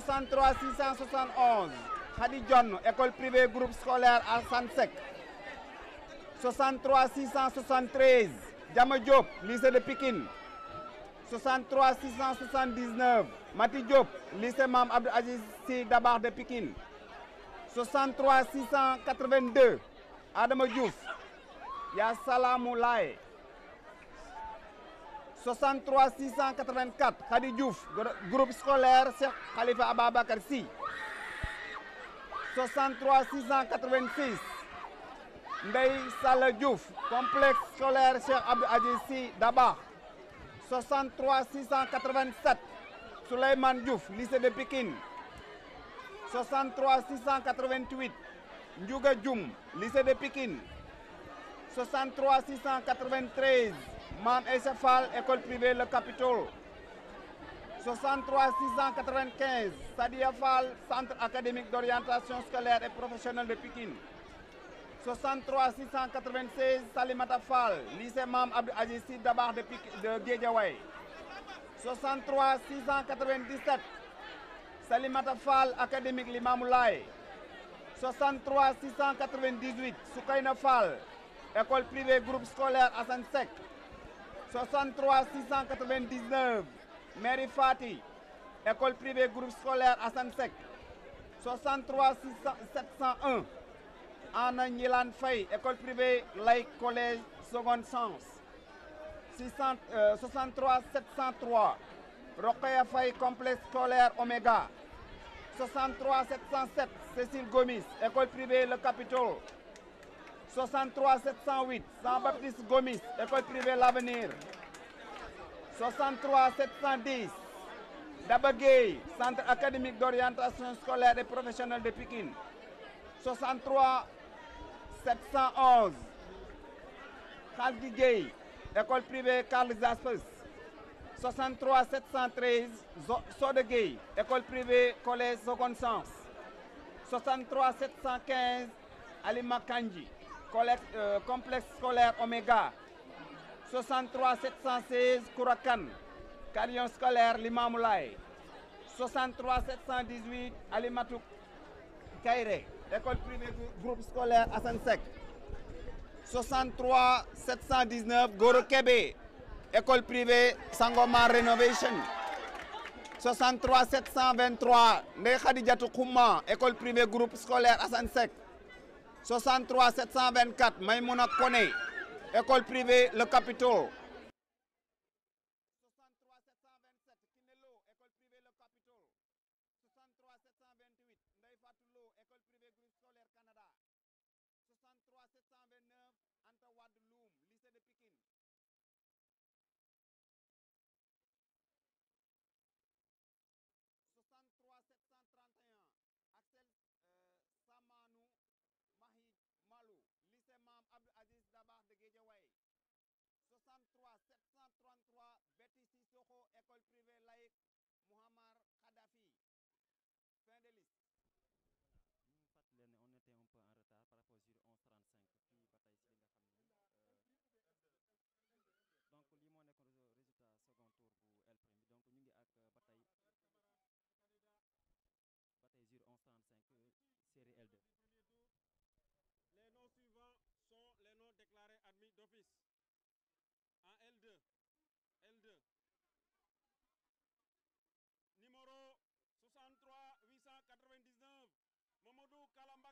63 671 Khady Dione école privée groupe scolaire Alassane Seck 63 673 Diama Diop lycée de Pikine 63 679 Mati Diop lycée Mame Abdou Aziz Sy Dabakh de Pikine Adama Diouf Ya Salamu Laye 63 684 Khady Diouf groupe scolaire Cheikh Khalifa Ababacar Sy 63 686 Ndeye Salla Diouf complexe scolaire Cheikh Abdou Aziz Sy Dabakh 63 687 Souleymane Diouf lycée de Pikine 63 688 Ndiouga Dioum lycée de Pikine 63 693 Mame Aïssa Fall école privée Le Capitole 63 695 Sadia Fall centre académique d'orientation scolaire et professionnelle de Pikine 63 696 Salimata Fall lycée Mame Abdou Aziz Sy Dabakh de Pikine de académique Limamou Laye école privée groupe scolaire Assane Seck 63 699 mairie Fati école privée groupe scolaire Assane Seck 63 701 Anna Ñilaan Faye école privée Lay collège seconde sens 600 euh, 63 703 Rokhaya Faye complexe scolaire Oméga 63 Gomis école privée Le Capitole 63 708 Jean Baptiste Gomis école privée l'avenir 63 710 Daba Gueye centre académique d'orientation scolaire et professionnelle de Pikine 63 711 Khaldi Gueye école privée Carl Jaspers 63 école privée collège seconde sens 63 Euh, complexe scolaire Oméga 63 716 Kourakan carillon scolaire Limamoulaye 63 718 Alimatou Kairé école privée groupe scolaire Assane Seck école privée Sangomar Renovation 63 723 école privée groupe scolaire Assane 63 724 Maïmouna Koné école privée Le Capitole 733 Betty Sissoko école privée laïque Mouammar Kadhafi fin de liste ñu fàttali leen ne on était un peu en retard par rapport sur 1135 fii ba tey si li nga xam ne euh, donc lii moo nekkoon résultat second tour bu L prime bi donc ñu ngi ak euh, ba tey ba tey sur 1135 euh, série L2 les noms suivants sont les noms déclarés admis d'office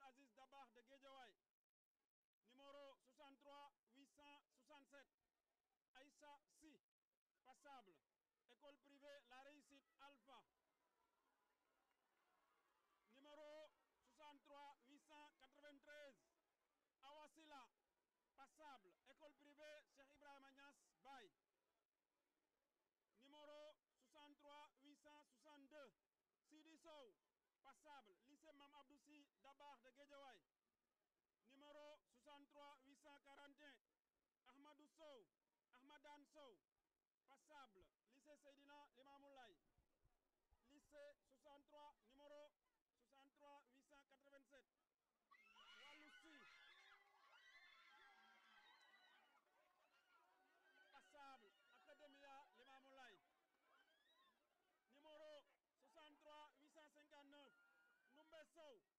Abdoul Aziz Dabakh de Guédiawaye baax de Guédiawaye numéro 63 841 Ahmadou Sow Ahmadane Sow passable lycée Seydina Limamoulaye lycée 63 numéro 63 887 Wallou Sy passable Academia Limamoulaye numéro 63 Sow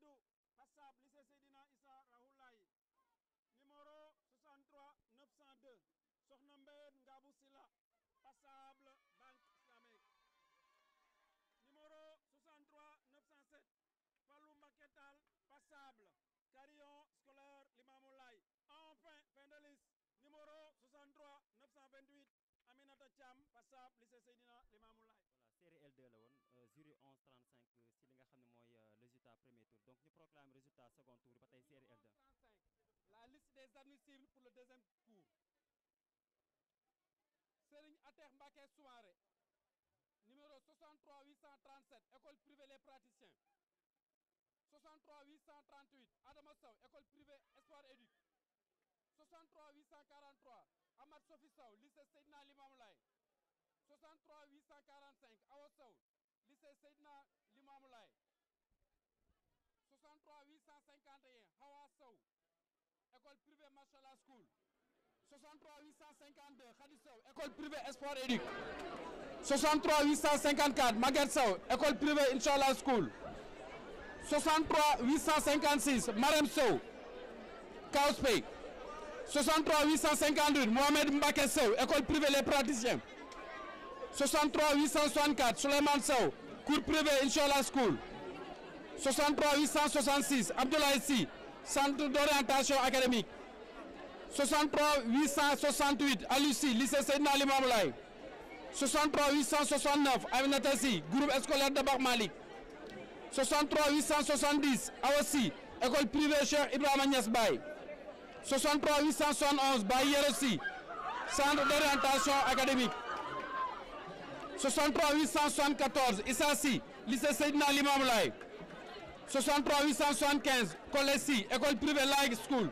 Seydou Hassab lycée Seydina Issa Rahoulaye numéro 63 902 Sokhna passable banque islamique numéro 63 enfin fin de liste numéro passable lycée Seydina Limamoulaye série L2 la woon euh, jury 11 35 si li nga xam ne mooy euh, résultat premier tour donc ñu proclame résultat second tour ba tey série L2. la liste des admissibles pour le deuxième tour. Serigne Atex Mbacké Soumaré numéro 63 837 école privée les praticiens 63 838 Adama Sow école privée Espoir Éduc 63 843 Amath Sophie Sow lycée Seydina Limamou Laye 63 845 Awa Sow lycée Seydina Limamou Laye 63 851 Hawa Sow école privée Machallah School 63 852 Khady Sow école privée Espoir Éduc 63 854 Maguette Sow école privée Inchallah Marem Sow Kaospey 63 851 Mohamed école privée les praticiens 63 864 Souleymane Sow cours privé Inchola School 63 866 centre d'orientation académique 63 868 Aliou Sy lycée Seydina Limamou Laye 63 869 Aminata Sy groupe scolaire de Bac Malick école privée Cheikh Ibrahima Niass Baye 63 871 centre d'orientation académique 63 874 Issa Sy lycée Seydina Limamou Laye 63 école privée Laye School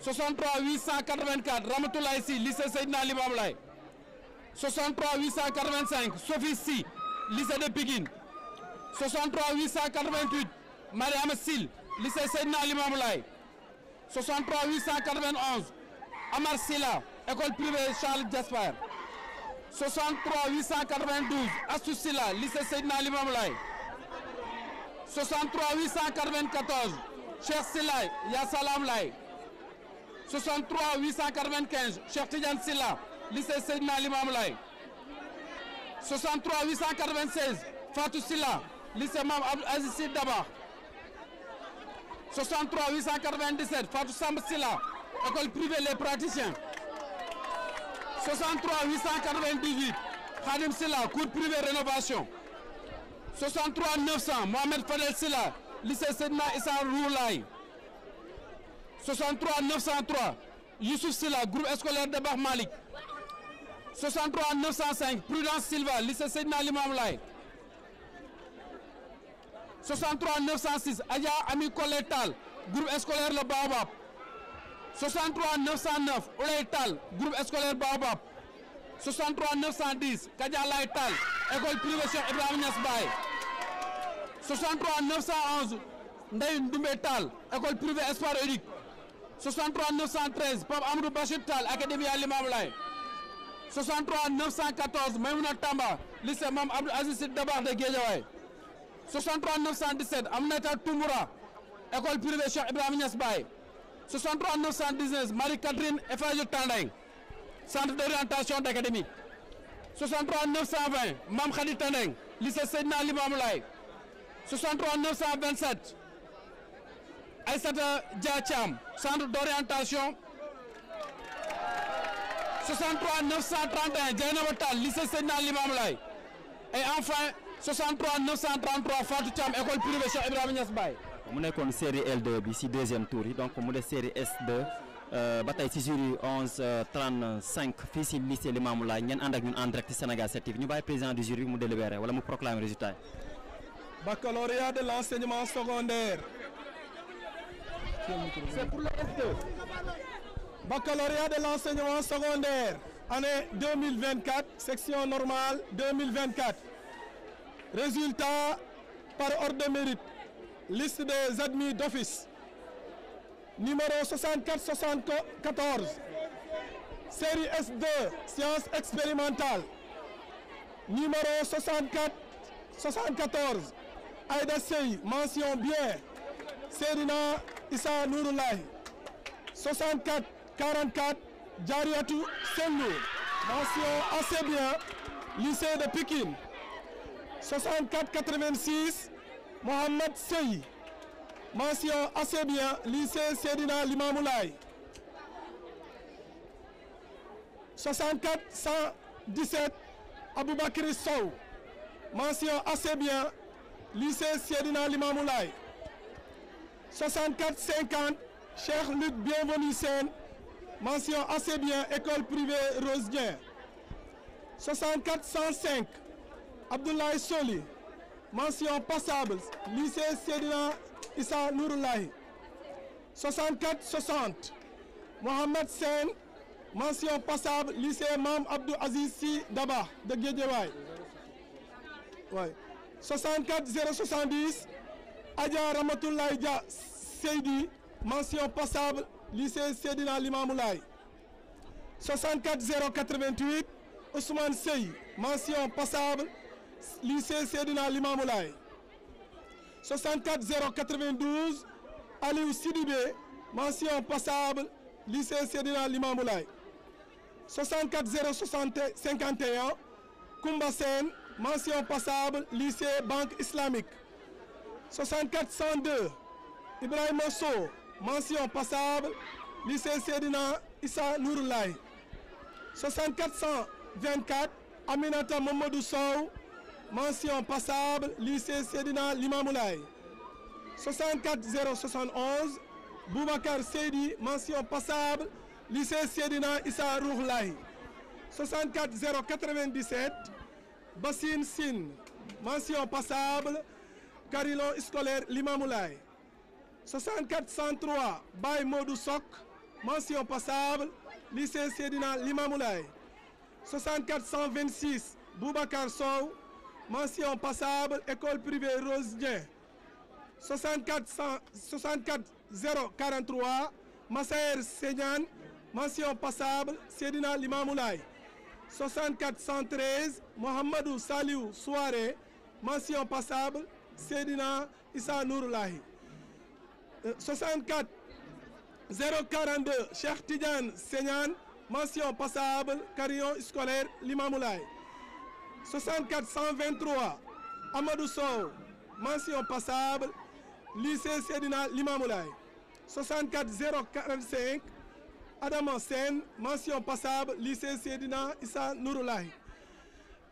63 884 Ramatoulaye Sy lycée Seydina Limamou Laye 63 885 Sophie Sy lycée de Pikine 63 888 Mariama Syll lycée Seydina Limamou Laye Amar Sylla école privée Charles Jasper 63 892 Astou Sila lycée Seydina Limamou Laye 63 894 Cheikh Sila Ya Salam Laye 63 895 Cheikh Tidiane Sila lycée Seydina Limamou Laye 63 896 Fatou Sila lycée Mame Abdou Aziz Sy Dabakh 63 897 Sila école privée les praticiens 63 898 Khadim Silla cours privé rénovation 63 900 Mohamed Fadel Silla lycée Seydina Issa Roulaye 63 903 groupe scolaire de Bax Prudence Silva lycée Seydina Limam Laye 63 Ami Colletal groupe scolaire Le Baobab 63 909 Oulay Tall groupe scolaire Baobab 63 école privée Cheikh Ibrahima Niass Baye 63 911 Ndeye école privée Espoir Unique 63 913 Pape Amadou Bachir Tall académie Al Imam Tamba lycée Mame Abdou Aziz Sy de Guédiawaye 63 917 Aminata Toumoura école privée Cheikh Ibrahima Niass Baye 63 919 Marie-Catherine Eiffage Tandeng centre d'orientation d'académie 63 920 Mame Khady Tandeng lycée Seydina Limamou Laye 63 927 Aïssata Dia Thiam centre d'orientation 63 931 Dieynaba Tall lycée Seydina Limamou Laye et enfin 63 933 Fatou Thiam école privée Cheikh Ibrahima Niass mu nekkoon série L2 bi si deuxième tour yi donc mu des série S2 euh, ba tey si jury 11 35 fii si lycée Limamoulaye ak ñun en direct ci Sénégal 7 TV ñu bàyyi président du jury mu délibéré wala mu proclamer résultat yi. baccalauréat de l'enseignement secondaire. c'est S2. baccalauréat de l'enseignement secondaire année 2024 section normale résultat par ordre de mérite. liste des admis d'office numéro 64 74 série S2 sciences expérimentales numéro 64 74 Aïda bien Serina Issa Nouroulaye 64 44 Diariatou Sendou assez bien lycée de Pikine Mohamed Sey mention assez bien lycée Seydina Limamoulaye 64 117 Aboubakry Sow mention assez bien lycée Seydina Limamoulaye 64 50 Cheikh Luc Bienvenu Sène mention assez bien école privée Rose Dieng 64 105 Soli mention passable lycée Seydina Issa Nouroulahi 64 60 Mohamed Sen mention passable lycée Mam Abdou Aziz Sy Daba de Guédiawaye ouais 64 070 Seydi mention passable lycée Seydina Limamoulaye 64 Sey mention passable lycée Seydina Limamou Laye 64 092 Aliou Sidibé mention passable lycée Seydina Limamou Laye 64 passable lycée Banque Islamique 64 102 passable lycée Seydina Issa Nourou Laye Aminata Mamadou mention passable lycée Seydina Limamoulaye 64 071 Boubacar Seydi mention passable lycée Seydina Issa Rouh Laye 64 097 Bassine Sine mention passable carillon scolaire Limamoulaye 64 103 Baye Modou Sok mention passable lycée Seydina Limamoulaye 64 Sow mention passable école privée Rose Ndié 64 100 64 043 Massaer Segnane mention passable Seydina Limamou Laye 64 113 Mohamadou Saliou Souare mention passable Seydina Issa Nourou euh, Cheikh Tidiane Segnane mention passable carillon scolaire Limamou 64 123 Amadou Sow mention passable lycée Seydina Limamoulaye 64 045 Adama Sen mention passable lycée Seydina Issa Nouroulaye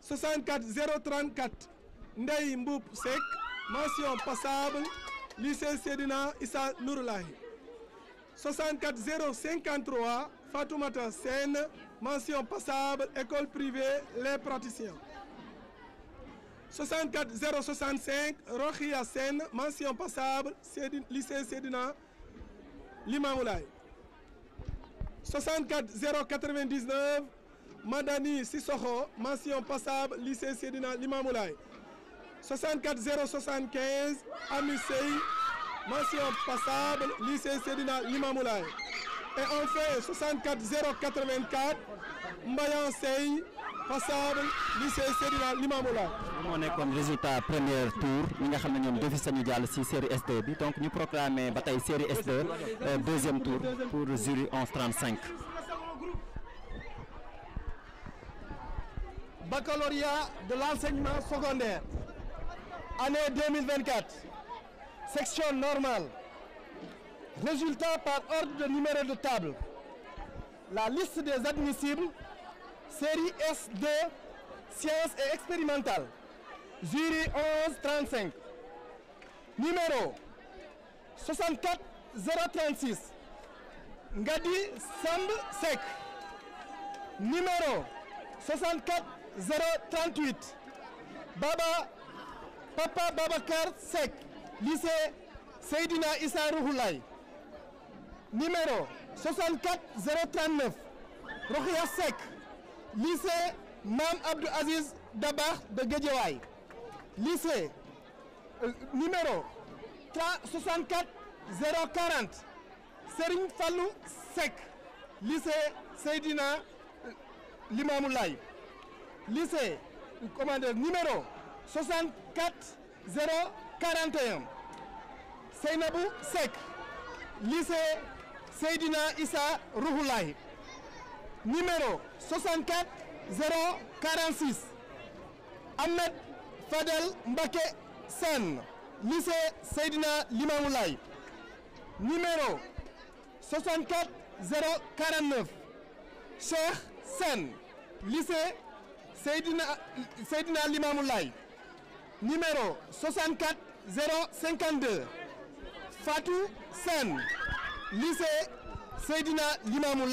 64 034 Ndeye Mboup Seck mention passable lycée Seydina Issa Nouroulaye 64 053 Fatoumata Sen école privée les praticiens 64 065 Rokhia Sène mention passable Sédi lycée Sédina Limamoulaye 64 099 Madani Sissoko mention passable lycée Sédina Limamoulaye Ami Sey mention passable lycée Sédina Limamoulaye et enfin Mbayan Sey passable lycée Seydina Limamou Laye. moo nekkoon résultat premier tour ñi nga xam ne ñoom defi sañu jàll S2 bi donc ñu proclamé ba tey série S2 euh, deuxième tour pour jury 1135. baccalauréat de l'enseignement secondaire année 2024 section normale résultat de numéro de des série S2 science et expérimentale jury 11 35 numéro 64 036 Ngadi numéro Baba Papa Babacar Seck lycée Seydina Issa Rouhoulaye numéro 64 039 lycée Mam Abdou Aziz Dabakh de Guédiawaye lycée euh, numéro 64 040 Serigne Fallou Seck lycée Seydina euh, Limamou euh, numéro 64 041 Seynabou Seydina Issa Rouhou numéro 64 046 Ahmed Fadel Mbaké Sène lycée Seydina Limamou Laye numéro 64 049 Cheikh Sène lycée Seydina Seydina Limamou Laye numéro 64 052 Fatou Sène lycée Seydina Limamou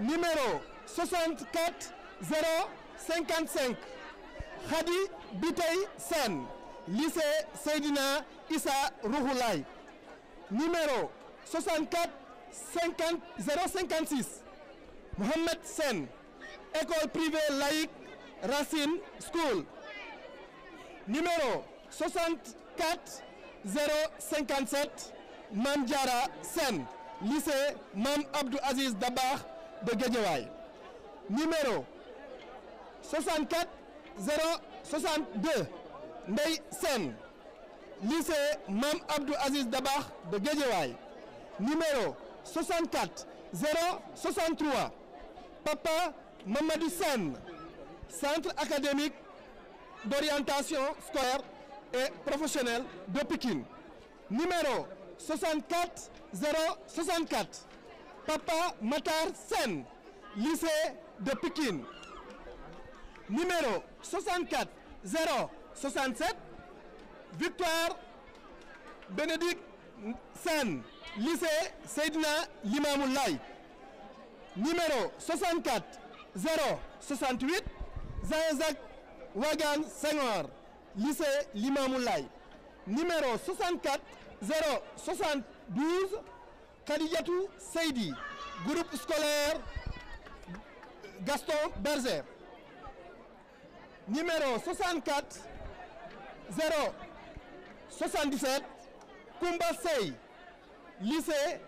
numéro 64 055 Khady Biteye Sène lycée Seydina Issa Rouhou Laye numéro 64 50 école privée laïque Racine School numéro 64 057 lycée Mame Abdou Aziz de Guédiawaye numéro 64 062 Ndeye Sène lycée Mame Abdou Aziz Dabakh de Guédiawaye numéro 64 063 Papa Mamadou Sène centre académique d'orientation scolaire et professionnelle de Pikine Papa Matar Sen, lycée de Pékin. Numéro Victoire Bénédicte Sen, lycée Seydina Limamoulaye. Numéro 64 068, Jean-Jacques Wagan Senghor, lycée Limamoulaye. Numéro Khadijatou Seydi groupe scolaire Gaston Berger numéro 64 0 77 Sey lycée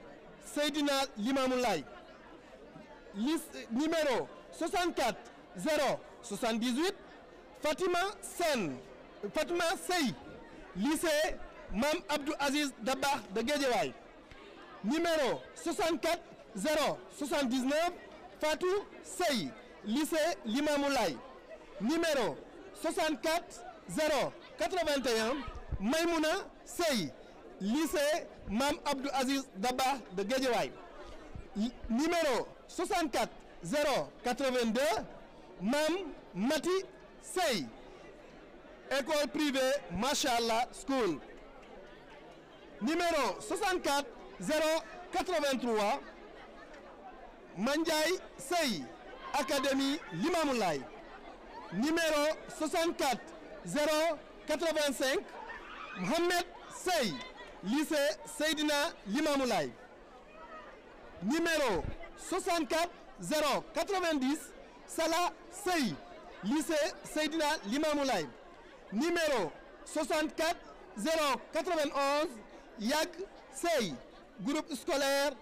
Seydina Limamou numéro Fatima Sey lycée Mam Abdou Aziz Dabakh de Guédiawaye numéro 64 0 79 Fatou Sey lycée Limamoulaye numéro 64 0 81 Maimouna Sey lycée Mam Abdou Aziz Daba de Guédiawaye numéro Mam Mati Sey école privée Machallah School numéro 083 Mandiaye Sey académie Limamoulaye numéro 64 085 Mohamed Sey lycée Seydina Limamoulaye numéro 64 090 Salah Sey lycée Seydina Limamoulaye numéro 64 091 Yag Sey groupe scolaire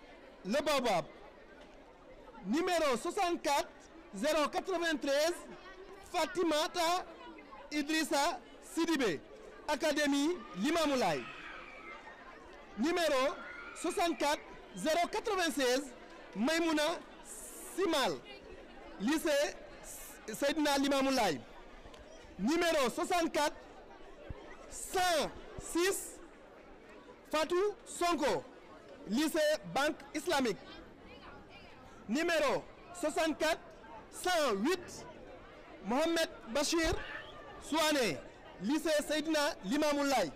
Le Baobab numéro Fatimata Idrissa Sidibé académie Limamoulaye numéro 64 Simal lycée Seydina Limamoulaye numéro 64 Sonko lycée banque islamique numéro 64 Bachir Souané lycée Seydina Limamoulaye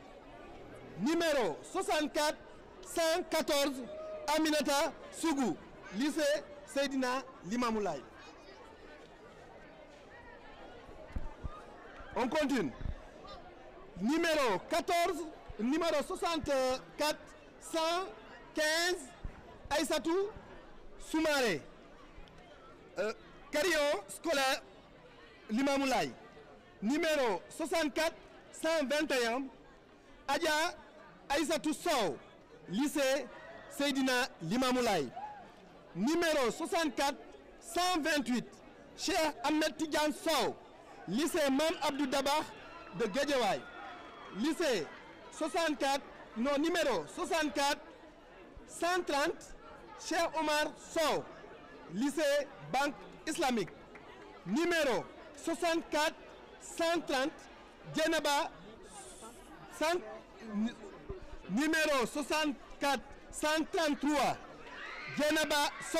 numéro Aminata Sougou lycée Seydina Limamoulaye on continue numéro 15 Aïssatou Soumaré euh, carillon scolaire Limamou Laye numéro 64 121 Sow lycée Seydina Limamou Laye numéro 64 Ahmed Tidiane Sow lycée Mame Abdou Dabakh de Guédiawaye lycée numéro 130 Cheikh Omar Sow lycée banque islamique numéro 64 130 Djenaba 100 numéro 64 133 Djenaba Sow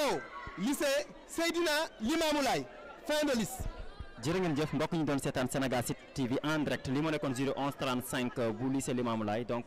lycée Seydina Limamoulaye fin de liste. jërë ngeen jëf mbokk ñu doon seetaan Sénégal 7 TV en direct li mu nekkoon 011 35 bu lycée Limamoulaye donc.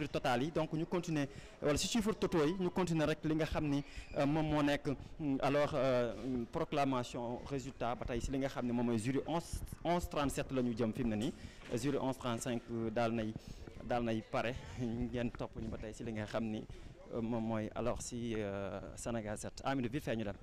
chiffres yi donc ñu continuer wala si chiffres totaux yi ñu continuer rek li nga xam ni euh, moom moo nekk mm, alors euh, proclamation résultat ba tey si li nga xam ne moom mooy jury 11 11 37 la ñu jëm fi na ne nii jury trent cinq euh, daal nay daal nay pare ngeen topp ñu ba tey si li nga xam ni moom mooy alors si Sénégal 7 Amidou bi fee ñu daal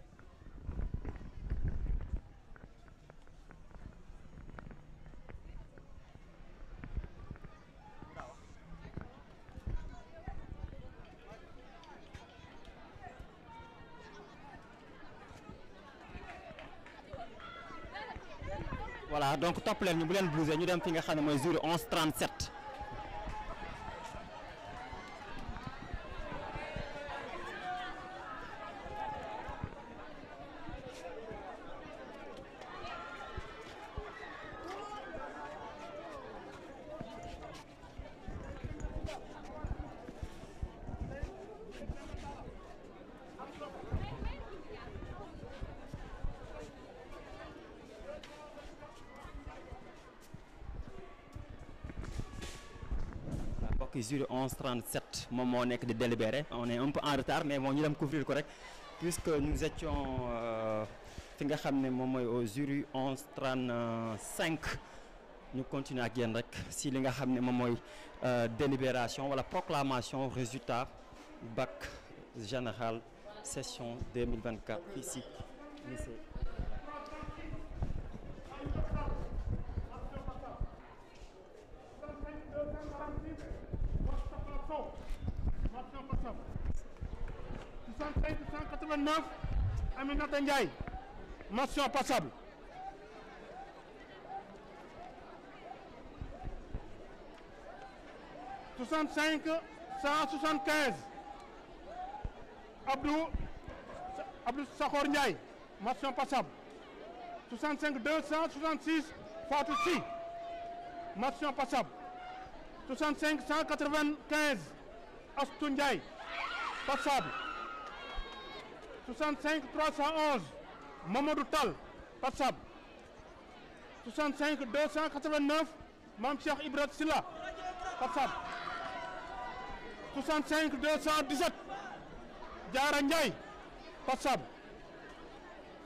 voilà donc topp leen ñu bu leen bouger ñu dem fi nga xam ne mooy 0 11 37. que jury 11 37 moom moo nekk di délibéré on est un peu en retard mais bon ñu dem couvrir ko rek puisque nous étions euh, fi nga xam ne moom mooy au jury 11 35 ñu continuer ak yéen rek si li nga xam ne moom mooy euh, délibération wala proclamation résultat back général session 2024 ici lycée neuf Aminata Ndiaye mention passable soixante cinq cent soixante quinze Abdou Abdou Sakhor Ndiaye mention passable soixante cinq deux cent soixante six Fatou Sy mention passable soixante cinq cent quatre vingt quinze Astou passable 65 311 Mamadou Tall Patsab 65 289 Mame Cheikh Ibrahima Silla Patsab 65 217 Diarra Ndiaye Patsab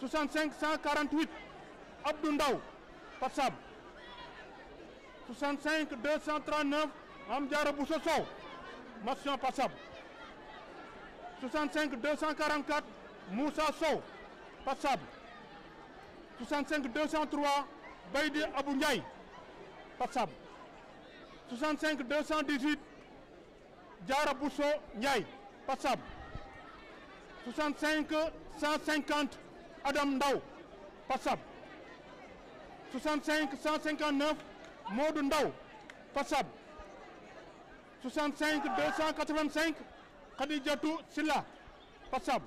65 148 Abdou Ndaw Patsab 65 239 Mame Diarra Bousso Sow motion Patsab 65 244 Moussa Sow passable 65 203 Baydi Abou Ndiaye passable 65 218 Diara Bousso Ndiaye passable 65 150 Adam Ndaw passable 65 159 Modou Ndaw passable 65 285 Khadijatou Silla passable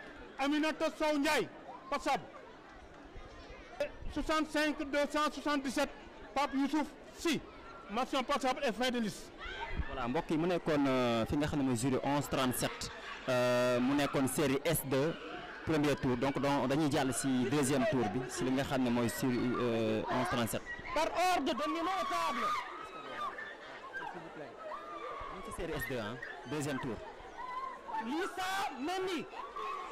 Aminata Sow Ndiaye passable 65 277 Pape Youssouf Sy mention passable et fin de liste voilà mbokk yi mu nekkoon euh, fi nga xam ne mooy jury 11 37 mu nekkoon série S2 premier tour dañuy jàll si deuxième tour bi si li nga xam ne mooy jury 11 37 par ordre de numéro table ñu Lisa Mendy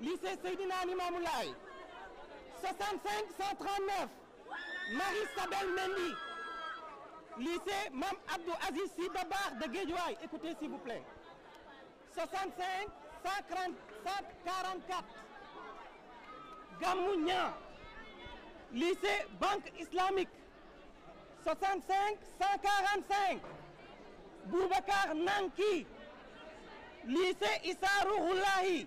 lycée Seydina Limamou Marie Sabel Mendy lycée Mam Abdou Aziz Sy Dabakh de Guédiawaye écoutez s'il vous plaît 65 lycée Banque Islamique 65 Nanki lycée Issa Rouhoulahi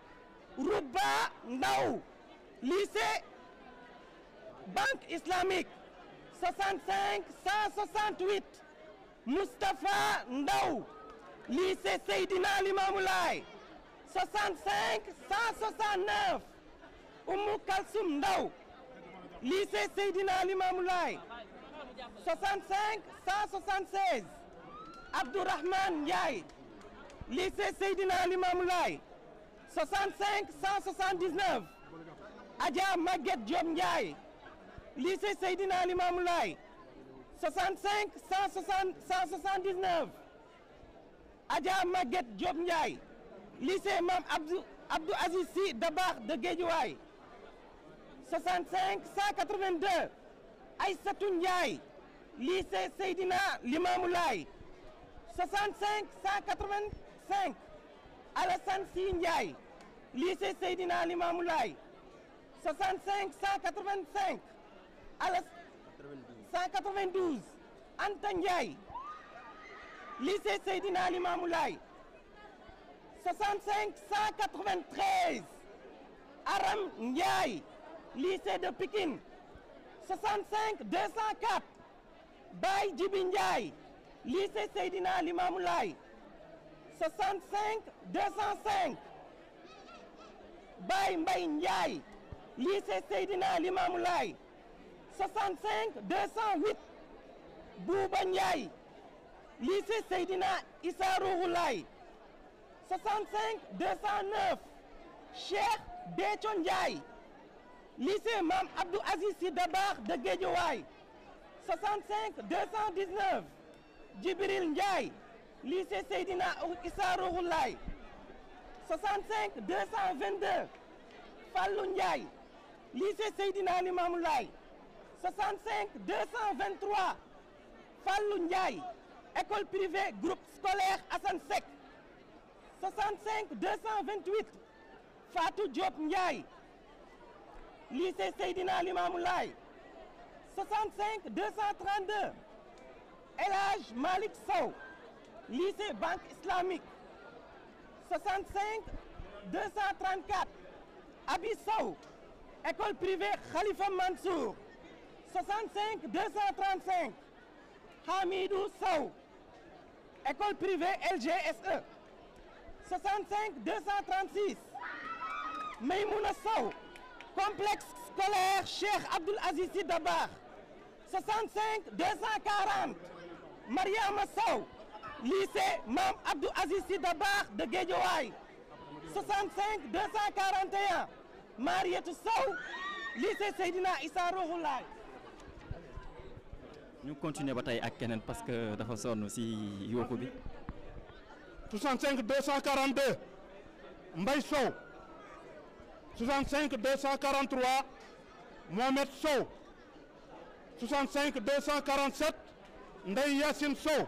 Rouba Ndaw lycée banque islamique 65 Ndaw lycée Seydina Limamou Laye 65 169 Ndaw lycée Seydina Limamou Laye 65 176 Abdourahmane Seydina Limamou Laye 65 179 Adja Maguette Diop Ndiaye lycée Seydina Limamou Laye 65 179 Adja Maguette Diop Mam Abdou Aziz Sy Dabakh de Guédiawaye 65 182 Aïssatou Seydina Limamou Laye Alassane Sy Ndiaye lycée Seydina Limamou Laye 65 185 Alass 192 Anta Aram Ndiaye lycée de Pikine 65 204 Baye Djibi Ndiaye lycée Seydina 65 205 Baye Mbaye Ndiaye lycée Seydina Limamou Laye 65 208 Bouba Seydina Issa Rouhou Laye 65 209 Cheikh Béthio Ndiaye lycée Mame Abdou Aziz Sy Dabakh de lycée Seydina Issa Rohou Laye 65 222 lycée Seydina Limamou Laye 65 223 école privée groupe scolaire Assane Seck 65 228 lycée Seydina Limamou Laye 65 232 Sow lycée banque islamique 65 234 Abi Sow école privée Khalifa Mansour 65 235 école privée LGSE 65 236 complexe scolaire Cheikh Abdoul Aziz Sy Dabakh 65 lycée Mam Abdou Aziz Sy Dabakh de Guédiawaye 65 Sow lycée Seydina Issa Rouhou ñu continuer ba tey ak keneen parce que dafa sonn si yooku bi 65 242 Mbaye Sow 65 Sow 65 247 Sow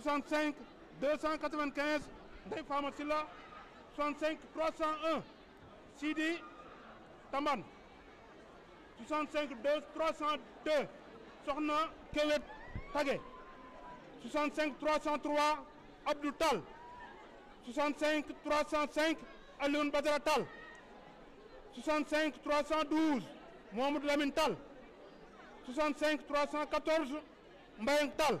65 295 Ndeye Fama Silla 65 301 Sidi Tamban 65 2 302 Soxna Kewet Tage 65 303 Abdou Tall 65 305 Alioune Badara Tall 65 312 Mohamed Lamine Tall 65 314 Mbayang Tall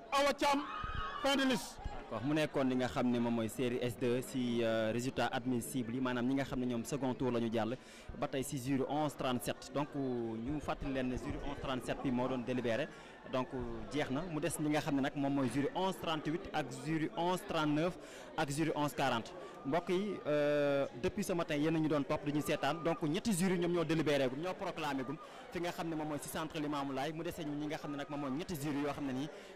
Awa Thiam mu nekkoon li nga xam ne moom mooy série S2 si euh, résultat admissible yi maanaam ñi nga xam ne ñoom second tour la ñu jàll ba tey si jury 11 37 donc euh, ñu fàttali leen ne jury 11 37 moo doon délibéré donc euh, jeex na mu des li nga xam ne nag moom mooy jury 11 38 ak jury 11 39 ak jury 11 40 mbokk yi depuis ce matin yéen ñu doon topp dañuy seetaan donc ñetti jury ñoom ñoo délibéré gum ñoo proclamé gum fi nga xam ne moom mooy si centre Limamou Laye mu desee ñi nga xam ne nag moom mooy ñetti jury yoo xam ne nii